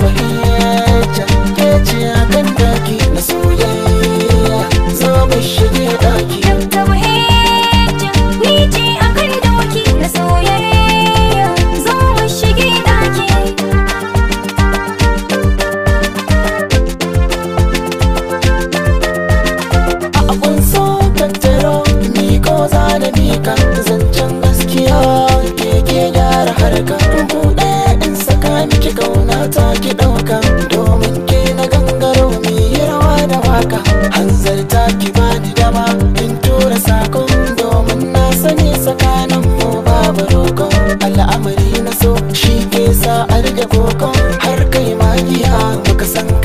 away yarta ki bani dama in tura sakon domin na sani tsakanin mu babu rokon al'amari na so shi ke sa a rike kokon har kai magiya muka san